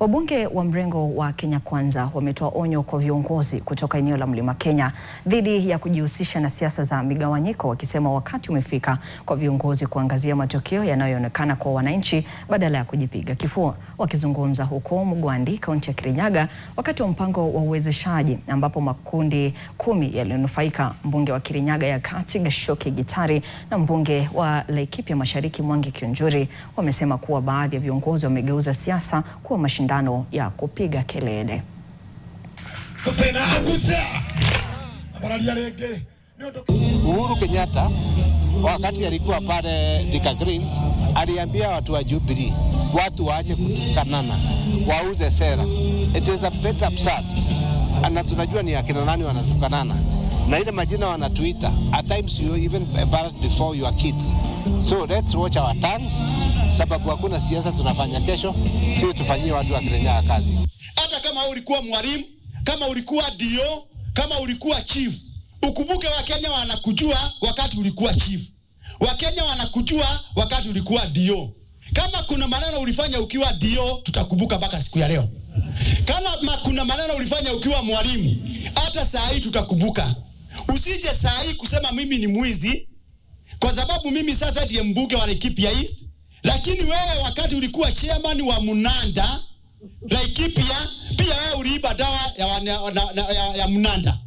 Wabunge wa mrengo wa Kenya Kwanza wametoa onyo kwa viongozi kutoka eneo la Mlima Kenya dhidi ya kujihusisha na siasa za migawanyiko, wakisema wakati umefika kwa viongozi kuangazia matokeo yanayoonekana kwa wananchi badala ya kujipiga kifua. Wakizungumza huko Mugwandi, kaunti ya Kirinyaga, wakati wa mpango wa uwezeshaji ambapo makundi kumi yaliyonufaika, mbunge wa Kirinyaga ya Kati Gashoki Gitari na mbunge wa Laikipia Mashariki Mwangi Kiunjuri wamesema kuwa baadhi ya viongozi wamegeuza siasa kuwa mashindano mashindano ya kupiga kelele. Uhuru Kenyatta wakati alikuwa pale Thika Greens aliambia watu wa Jubilee watu waache kutukanana, wauze sera. It is a bit absurd, na tunajua ni akina nani wanatukanana na ile majina wanatuita at times you even embarrassed before your kids. So let's watch our tongues, sababu hakuna siasa tunafanya kesho, sisi tufanyie watu wa Kenya kazi. Hata kama ulikuwa mwalimu, kama ulikuwa dio, kama ulikuwa chief, ukumbuke Wakenya wanakujua wakati ulikuwa chief, Wakenya wanakujua wakati ulikuwa dio. Kama kuna maneno ulifanya ukiwa dio, tutakumbuka mpaka siku ya leo. Kama kuna maneno ulifanya ukiwa mwalimu, hata saa hii tutakumbuka. Usije saa hii kusema mimi ni mwizi kwa sababu mimi sasa ndiye mbunge wa Laikipia East, lakini wewe wakati ulikuwa chairman wa Munanda Laikipia, pia wewe uliiba dawa ya, ya, ya, ya Munanda.